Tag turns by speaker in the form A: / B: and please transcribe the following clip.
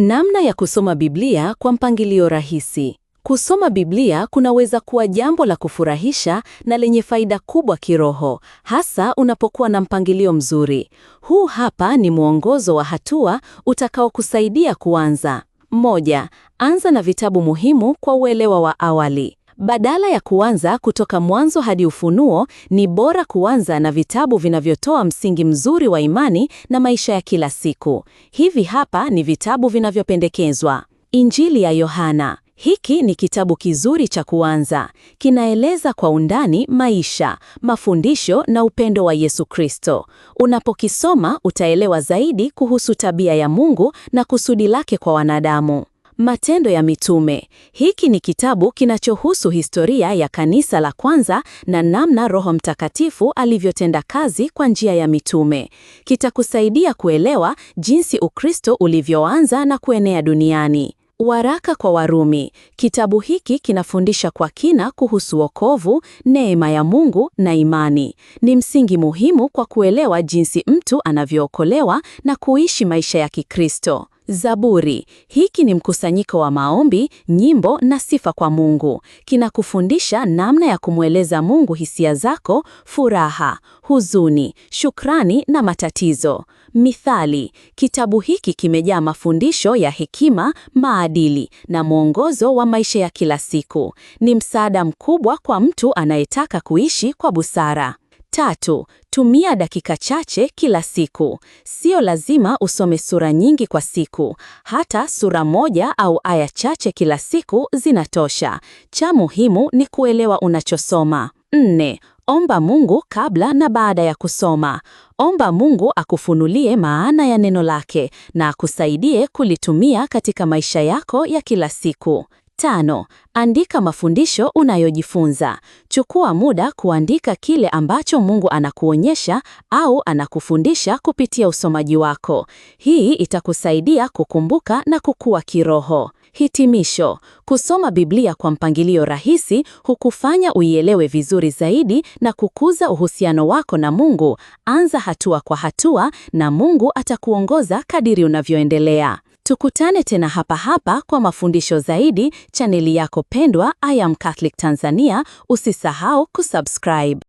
A: Namna ya kusoma Biblia kwa mpangilio rahisi. Kusoma Biblia kunaweza kuwa jambo la kufurahisha na lenye faida kubwa kiroho, hasa unapokuwa na mpangilio mzuri. Huu hapa ni mwongozo wa hatua utakaokusaidia kuanza. Moja, anza na vitabu muhimu kwa uelewa wa awali. Badala ya kuanza kutoka mwanzo hadi Ufunuo, ni bora kuanza na vitabu vinavyotoa msingi mzuri wa imani na maisha ya kila siku. Hivi hapa ni vitabu vinavyopendekezwa. Injili ya Yohana. Hiki ni kitabu kizuri cha kuanza. Kinaeleza kwa undani maisha, mafundisho na upendo wa Yesu Kristo. Unapokisoma utaelewa zaidi kuhusu tabia ya Mungu na kusudi lake kwa wanadamu. Matendo ya Mitume. Hiki ni kitabu kinachohusu historia ya kanisa la kwanza na namna Roho Mtakatifu alivyotenda kazi kwa njia ya mitume. Kitakusaidia kuelewa jinsi Ukristo ulivyoanza na kuenea duniani. Waraka kwa Warumi. Kitabu hiki kinafundisha kwa kina kuhusu wokovu, neema ya Mungu na imani. Ni msingi muhimu kwa kuelewa jinsi mtu anavyookolewa na kuishi maisha ya Kikristo. Zaburi. Hiki ni mkusanyiko wa maombi, nyimbo na sifa kwa Mungu. Kinakufundisha namna ya kumweleza Mungu hisia zako, furaha, huzuni, shukrani na matatizo. Mithali. Kitabu hiki kimejaa mafundisho ya hekima, maadili na mwongozo wa maisha ya kila siku. Ni msaada mkubwa kwa mtu anayetaka kuishi kwa busara. Tatu, tumia dakika chache kila siku. Sio lazima usome sura nyingi kwa siku, hata sura moja au aya chache kila siku zinatosha. Cha muhimu ni kuelewa unachosoma. Nne, omba Mungu kabla na baada ya kusoma. Omba Mungu akufunulie maana ya neno lake na akusaidie kulitumia katika maisha yako ya kila siku. Tano, andika mafundisho unayojifunza. Chukua muda kuandika kile ambacho Mungu anakuonyesha au anakufundisha kupitia usomaji wako. Hii itakusaidia kukumbuka na kukua kiroho. Hitimisho. Kusoma Biblia kwa mpangilio rahisi hukufanya uielewe vizuri zaidi na kukuza uhusiano wako na Mungu. Anza hatua kwa hatua na Mungu atakuongoza kadiri unavyoendelea. Tukutane tena hapa hapa kwa mafundisho zaidi, chaneli yako pendwa I Am Catholic Tanzania. Usisahau kusubscribe.